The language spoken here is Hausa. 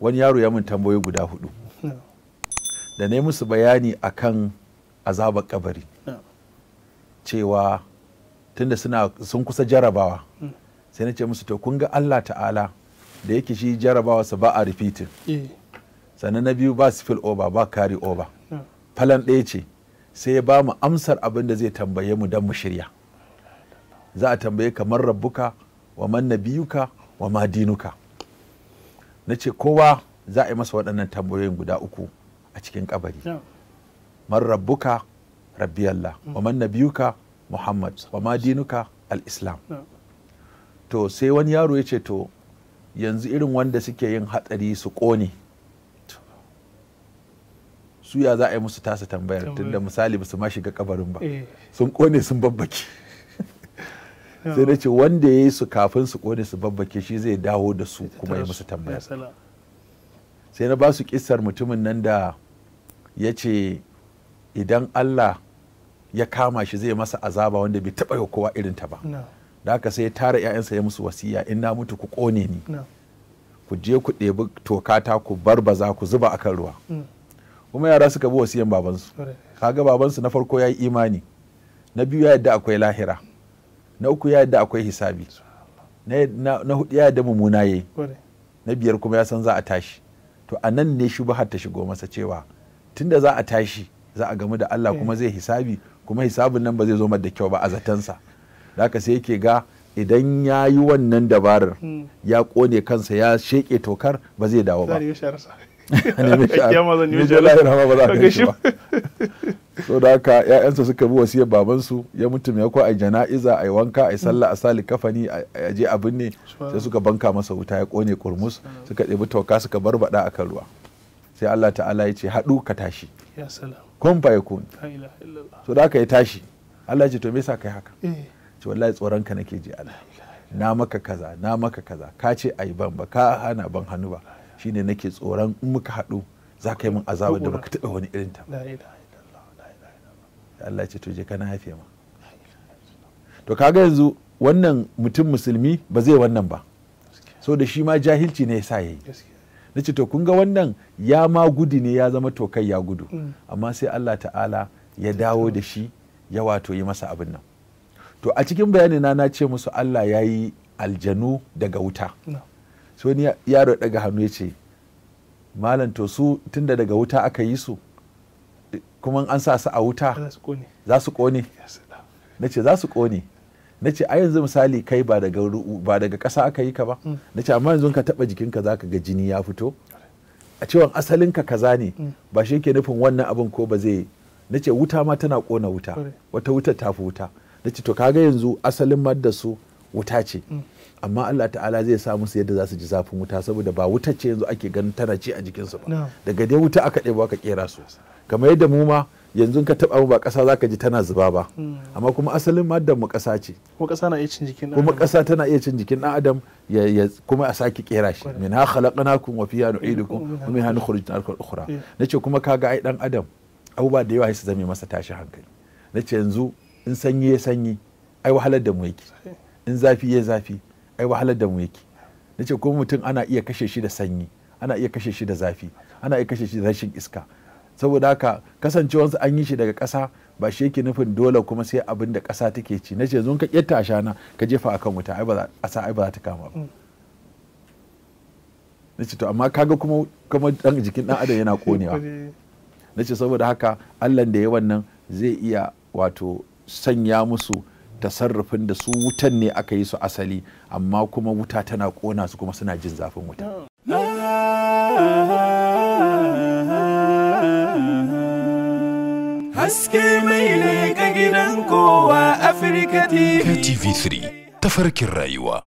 wani yaro ya mun tambayoyi guda hudu da na yi musu bayani akan azabar kabari cewa tunda suna sun kusa jarabawa mm. sai na ce musu to kun ga Allah ta'ala da yake shi jarabawa su ba a repeating eh. sannan na biyu ba spill over ba kari over falan ɗaya ce sai ya ba mu amsar abin da zai tambaye mu don mu shirya za a tambaye kamar rabbuka wa man nabiyuka wa madinuka dinuka na ce kowa za a yi masa waɗannan tambayoyin guda uku a cikin kabari man rabbuka rabbi Allah mm. wa man nabiyuka Muhammad wa ma dinuka al-Islam to sai wani yaro ya ce to yanzu irin wanda suke yin hatsari su ƙone su ya za a yi musu tasa tambayar tunda misali ba su ma shiga kabarin ba eh. sun kone sun babbaki sai na ce wanda ya yi su kafin su kone su babbake shi zai dawo da su kuma ya musu tambaya sai na ba su kisar mutumin nan da ya ce idan Allah ya kama shi zai masa azaba wanda bai taba yi kowa irin ta ba da haka sai ya tara 'ya'yansa ya musu wasiya in na mutu ku kone ni ku je ku ɗebi tokata ku bar barbaza ku zuba akan ruwa mm. kuma yara suka bi wasiyan babansu kaga babansu na farko ya yi imani na biyu ya yadda akwai lahira na uku ya yadda akwai hisabi na hudu ya yadda mummuna yayi na biyar kuma ya san za a tashi to a nan ne shubhar ta shigo masa cewa tunda za a tashi za a gamu da Allah kuma eh. zai hisabi kuma hisabin nan ba zai zo da kyau ba a zatansa da haka sai yake ga idan ya yi wannan dabarar hmm. ya kone kansa ya sheƙe tokar ba zai dawo ba. so da haka ƴaƴansa suka bi wasiyar babansu ya mutu mai kwa a jana'iza a wanka a sallah a sali kafani a je abin ne sai suka banka masa wuta ya kone kurmus suka ɗebi tauka suka barbada a kan ruwa sai Allah ta'ala ya ce haɗu ka tashi kun fa yakun so da haka ya tashi Allah ce to me yasa kai haka eh. ce wallahi tsoron ka nake ji Allah na maka kaza na maka kaza ka ce ai ban ba ka hana ban hannu ba shine nake tsoron in muka haɗu za ka yi min azabar da baka taɓa wani irin ta Allah ce to je kana haife ma to kaga yanzu wannan mutum musulmi ba zai wannan ba so da shi ma jahilci ne yasa yayi na to kun ga wannan ya ma gudu ne ya zama to kai ya gudu mm. amma sai Allah ta'ala ya dawo da shi ya wato yi masa abin nan to a cikin bayani na na ce musu Allah ya yi aljanu daga wuta so ni yaro daga hannu ya ce malam to su tunda daga wuta aka yi su kuma an sa su a wuta za su kone na ce za su kone na ce a yanzu misali kai ba daga ba ƙasa aka yi ka ba mm. na ce amma yanzu ka taɓa jikinka za ka ga jini ya fito a cewan asalinka kaza ne mm. ba shi ke nufin wannan abin ko ba zai na ce wuta ma tana kona wuta wata wuta ta fi wuta na ce to kaga yanzu asalin madda su wuta ce mm. amma Allah ta'ala zai sa musu yadda za su ji zafin wuta saboda ba wuta ce yanzu ake ganin tana ci a jikinsu ba daga dai wuta aka ɗebo ka kera su kamar yadda mu ma yanzu ka taba mu ba kasa ka ji tana zuba ba hmm. amma kuma asalin madan mu kasa ce kuma kasa iya cin jikin kuma tana iya cin jikin dan adam ya kuma a saki kera shi min ha khalaqnakum wa fiha nu'idukum wa minha nukhrijukum ukhra eh. nace kuma kaga ai dan adam abubuwa da yawa su zame masa tashi hankali nace yanzu in sanyi ya sanyi ai wahalar da mu yake in zafi ya zafi ai wahalar da mu yake nace kuma mutum ana iya kashe shi da sanyi ana iya kashe shi da zafi ana iya kashe shi da rashin iska saboda haka kasancewarsu an yi shi daga kasa ba shi yake nufin dole kuma sai abin da ƙasa take ci na ce zun ka ƙetta shana ka jefa akan wuta ai ba ba za ta kama ba mm. na ce to amma kaga kuma kuma dan jikin dan adam yana konewa na ce saboda haka Allah da ya wannan zai iya wato sanya musu tasarrufin da su wutan ne aka yi su asali amma kuma wuta tana kona su kuma suna jin zafin wuta mm. haske mai leƙa gidan kowa Afirka TV. KTV3 tafarkin rayuwa.